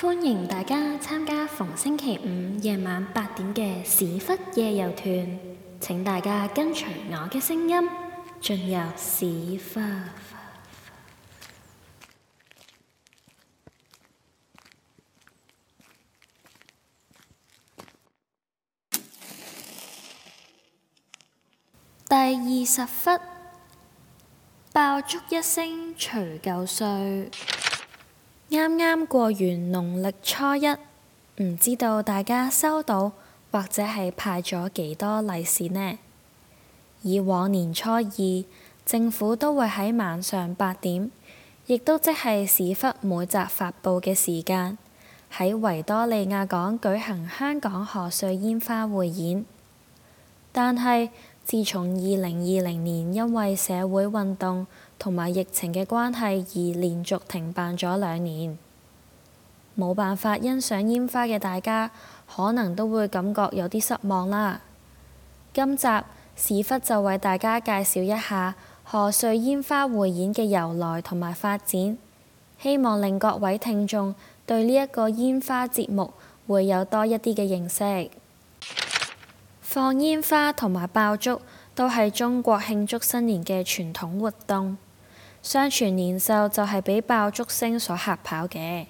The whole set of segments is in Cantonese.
歡迎大家參加逢星期五夜晚八點嘅史窟夜遊團。請大家跟隨我嘅聲音進入史窟。第二十窟，爆竹一聲除舊歲。啱啱過完農曆初一，唔知道大家收到或者係派咗幾多利是呢？以往年初二，政府都會喺晚上八點，亦都即係史窟每集發布嘅時間，喺維多利亞港舉行香港賀歲煙花匯演。但係，自從二零二零年因為社會運動，同埋疫情嘅關係，而連續停辦咗兩年，冇辦法欣賞煙花嘅大家，可能都會感覺有啲失望啦。今集史窟就為大家介紹一下賀歲煙花匯演嘅由來同埋發展，希望令各位聽眾對呢一個煙花節目會有多一啲嘅認識。放煙花同埋爆竹都係中國慶祝新年嘅傳統活動。相傳年獸就係畀爆竹聲所嚇跑嘅，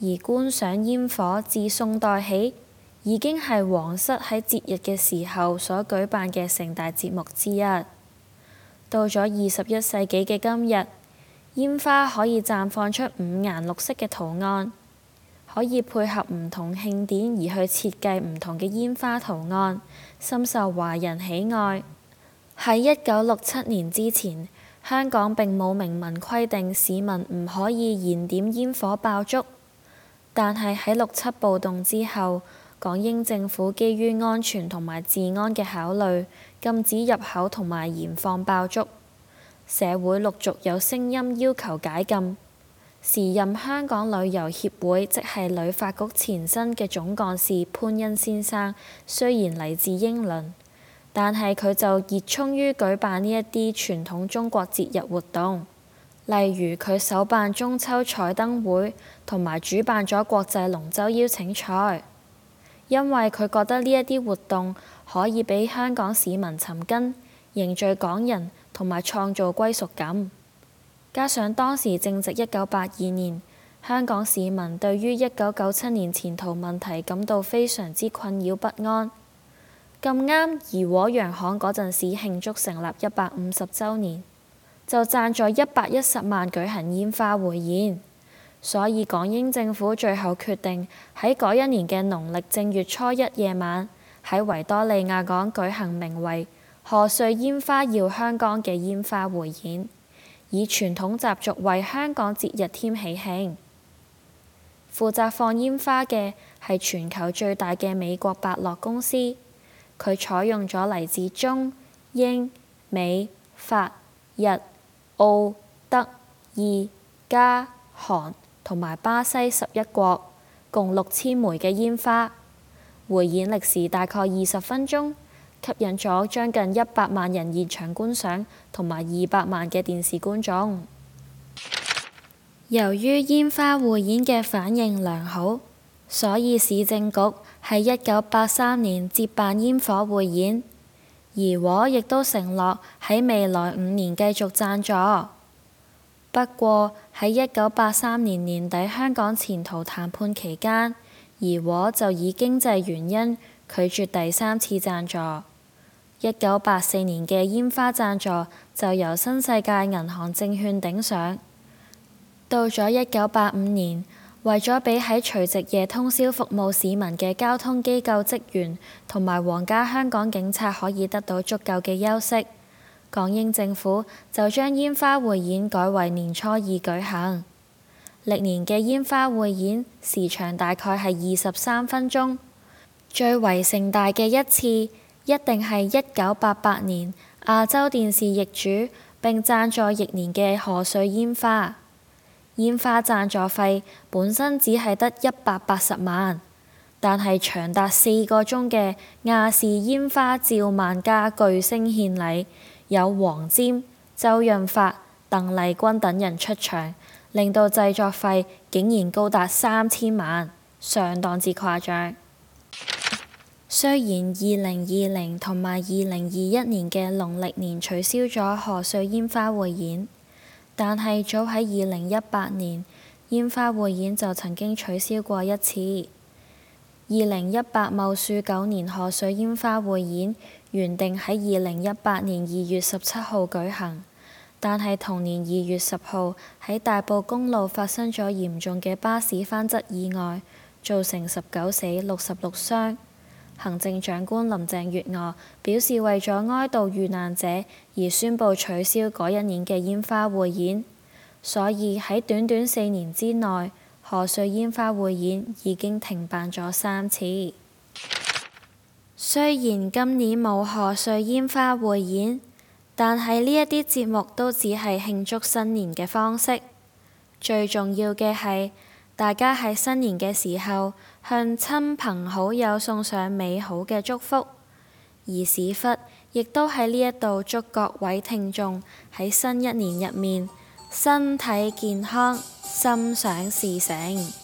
而觀賞煙火自宋代起已經係皇室喺節日嘅時候所舉辦嘅盛大節目之一。到咗二十一世紀嘅今日，煙花可以綻放出五顏六色嘅圖案，可以配合唔同慶典而去設計唔同嘅煙花圖案，深受華人喜愛。喺一九六七年之前，香港並冇明文規定市民唔可以燃點煙火爆竹，但係喺六七暴動之後，港英政府基於安全同埋治安嘅考慮，禁止入口同埋燃放爆竹。社會陸續有聲音要求解禁。時任香港旅遊協會即係旅發局前身嘅總幹事潘恩先生，雖然嚟自英倫。但係佢就熱衷於舉辦呢一啲傳統中國節日活動，例如佢首辦中秋彩燈會，同埋主辦咗國際龍舟邀請賽。因為佢覺得呢一啲活動可以俾香港市民尋根、凝聚港人同埋創造歸屬感。加上當時正值一九八二年，香港市民對於一九九七年前途問題感到非常之困擾不安。咁啱怡和洋行嗰陣時慶祝成立一百五十周年，就贊助一百一十萬舉行煙花匯演，所以港英政府最後決定喺嗰一年嘅農曆正月初一夜晚喺維多利亞港舉行名為《賀歲煙花耀香港》嘅煙花匯演，以傳統習俗為香港節日添喜慶。負責放煙花嘅係全球最大嘅美國百樂公司。佢採用咗嚟自中英美法日澳德意、加韓同埋巴西十一國共六千枚嘅煙花，匯演歷時大概二十分鐘，吸引咗將近一百萬人現場觀賞同埋二百萬嘅電視觀眾。由於煙花匯演嘅反應良好，所以市政局喺一九八三年接辦煙火匯演，怡和亦都承諾喺未來五年繼續贊助。不過喺一九八三年年底香港前途談判期間，怡和就以經濟原因拒絕第三次贊助。一九八四年嘅煙花贊助就由新世界銀行證券頂上。到咗一九八五年。為咗俾喺除夕夜通宵服務市民嘅交通機構職員同埋皇家香港警察可以得到足夠嘅休息，港英政府就將煙花匯演改為年初二舉行。歷年嘅煙花匯演時長大概係二十三分鐘，最為盛大嘅一次一定係一九八八年亞洲電視易主並贊助翌年嘅賀歲煙花。煙花贊助費本身只係得一百八十萬，但係長達四個鐘嘅亞視煙花照萬家巨星獻禮，有黃霑、周潤發、鄧麗君等人出場，令到製作費竟然高達三千萬，相當之誇張。雖然二零二零同埋二零二一年嘅農曆年取消咗賀歲煙花匯演。但係早喺二零一八年，煙花匯演就曾經取消過一次。二零一八茂樹九年賀歲煙花匯演原定喺二零一八年二月十七號舉行，但係同年二月十號喺大埔公路發生咗嚴重嘅巴士翻側意外，造成十九死六十六傷。行政長官林鄭月娥表示，為咗哀悼遇難者而宣布取消嗰一年嘅煙花匯演，所以喺短短四年之內，賀歲煙花匯演已經停辦咗三次。雖然今年冇賀歲煙花匯演，但係呢一啲節目都只係慶祝新年嘅方式，最重要嘅係，大家喺新年嘅時候，向親朋好友送上美好嘅祝福，而史窟亦都喺呢一度祝各位聽眾喺新一年入面身體健康，心想事成。